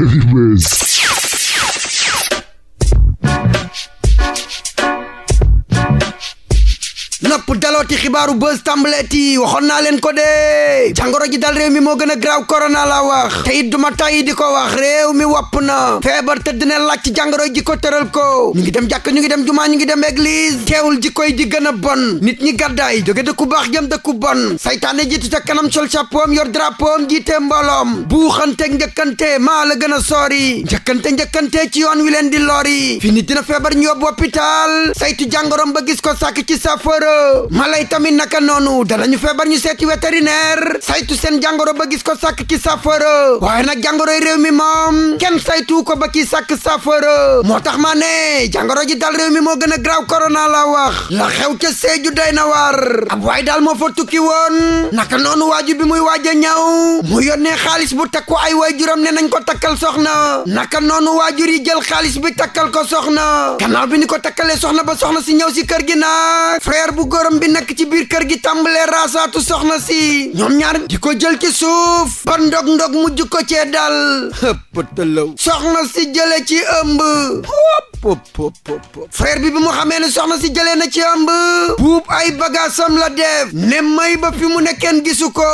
Heavy Mess. nopp dalooti xibaaru buzz tàmbaleeti waxoon naa leen ko dee jàngoro ji dal réew mi moo gën a graaw korona la wax te it duma tàyyi di ko wax réew mi wopp na feebar te dina laaj ci jàngoro ji ko tëral ko ñu ngi dem jàkk ñu ngi dem jumaa ñu ngi dem église teewul ji koy di gën a bon nit ñi gàddaay jóge dëkku baax jëm dëkku bon saytaane jiitu ca kanam sol chapeau am yor drapeau am jiite mbooloom buuxante njëkkante maa la gën a soori njëkkante njëkkante ci yoon wi leen di lori fi nit dina feebar ñu yóbbu hôpital saytu jàngoroom ba gis ko sàkk ci safara mala yi tamit naka noonu danañu feebar ñu seeti vétérinaire saytu seen jàngoro ba gis ko sàkk ki saafara waaye nag jàngoro yi réew mi moom kenn saytu ko ba ki sakk saafara moo tax maa ne jàngoro ji dal réew mi moo gën a graw korona la wax la xew ca Sédhiou day na war ab waaye daal moo fa tukki woon naka noonu waaju bi muy waaj a ñëw mu yónnee xaalis bu takku ay waajuram ne nañ ko takkal soxna naka noonu waajur yi jël xaalis bi takkal ko soxna gannaaw bi ni ko takkalee soxna ba soxna si ñëw si kër gi nag bu gorom bi nekk ci biir kër gi tàmbalee raasaatu soxna si ñoom ñaar di ko jël ci suuf ba ndog-ndog mujj ko cee dal ëpp tëlaw si jële ci ëmb pop pop pop bi bi mu xamee ne soxna si jëlee na ci ëmb buub ay bagaasam la def ne may ba fi mu ne kenn gisu ko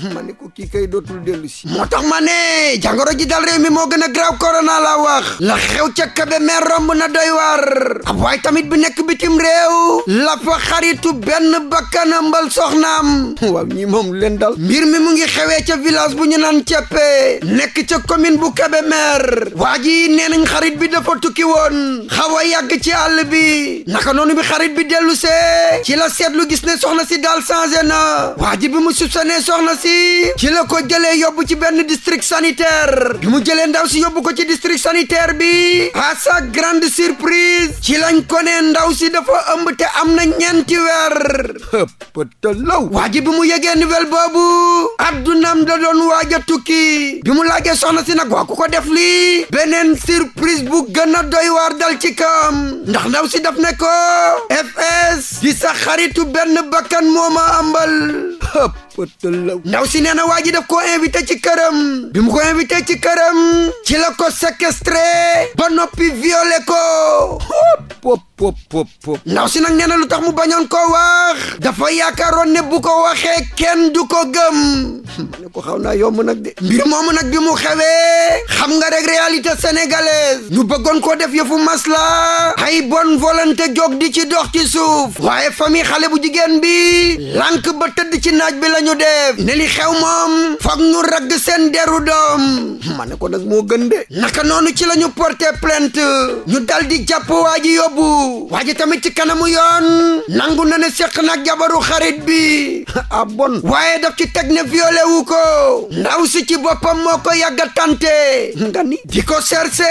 hmm, ma ne ko kii kay dootul dellu si moo tax ma ne jàngoro ji dal réew mi moo gën a graw korona la wax la xew ca kabe mer romb na doy war ab waay tamit bi nekk bitim réew la fa xaritu benn bakkana mbal soxnaam waaw ñii moom leen dal mbir mi mu ngi xewee ca village bu ñu naan ceppe nekk ca commune bu kabe mer waa ji xarit bi dafa tukki woon xaw a yàgg ci àll bi naka noonu bi xarit bi dellu ci la seetlu gis ne soxna si dal changé na waa ji bi mu soupçonné soxna si ci la ko jëlee yóbbu ci benn district sanitaire bi mu jëlee ndaw si yóbbu ko ci district sanitaire bi à sa grande surprise ci lañ ko ndaw si dafa ëmb te am na ñeenti weer pëtalaw waa ji bi mu yëgee nouvelle boobu addunaam da doon waaj a tukki bi mu laajee soxna si nag waa ko def beneen surprise bu gën doy waar dal ci kawam ndax ndaw si daf ne ko fs di sa xaritu benn bakkan moo ma ambal ndaw si nee na waa ji daf koo invité ci këram bi mu ko invité ci këram ci la ko séquestré ba noppi violé ko pop pop ndaw si nag nee na lu tax mu bañoon koo wax dafa yaakaaroon ne bu ko waxee kenn du ko gëm ne ko xaw naa yomb nag de mbir moomu nag bi mu xewee xam nga rek réalité sénégalaise ñu bëggoon koo def yëfu masla ay bonne volonté jóg di ci dox ci suuf waaye fami xale bu jigéen bi lànk ba tëdd ci naaj bi la ñu def ne li xew moom foog ñu ragg seen deru doom ma ne ko nag moo gën de naka noonu ci lañu ñu porté plainte ñu dal di jàpp waa ji yóbbu waa ji tamit ci kanamu yoon nangu na seq nag jabaru xarit bi ah bon waaye def ci teg ne violé taxawu ko ndaw si ci boppam moo ko yàgg tante nga ni di ko serse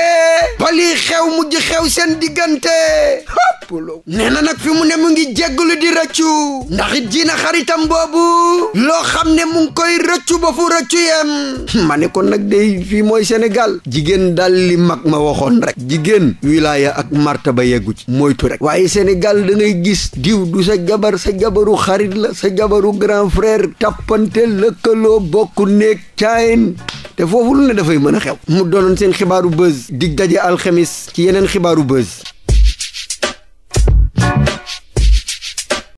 bali xew mujj xew seen diggante haplo na nag fi mu ne mu ngi jégglu di rëccu ndax it jiina xaritam boobu loo xam ne mu ngi koy rëccu ba fu rëccu yem ma ne ko nag day fii mooy Sénégal jigéen dal li mag ma waxoon rek jigéen wilaaya ak martaba yeggu ci moytu rek waaye Sénégal da ngay gis diw du sa jabar sa jabaru xarit la sa jabaru grand frère tappante lëkkaloo àndandoo bokk néeg caayin te foofu lu ne dafay mën a xew mu doonoon seen xibaaru buzz dig daje alxamis ci yeneen xibaaru buzz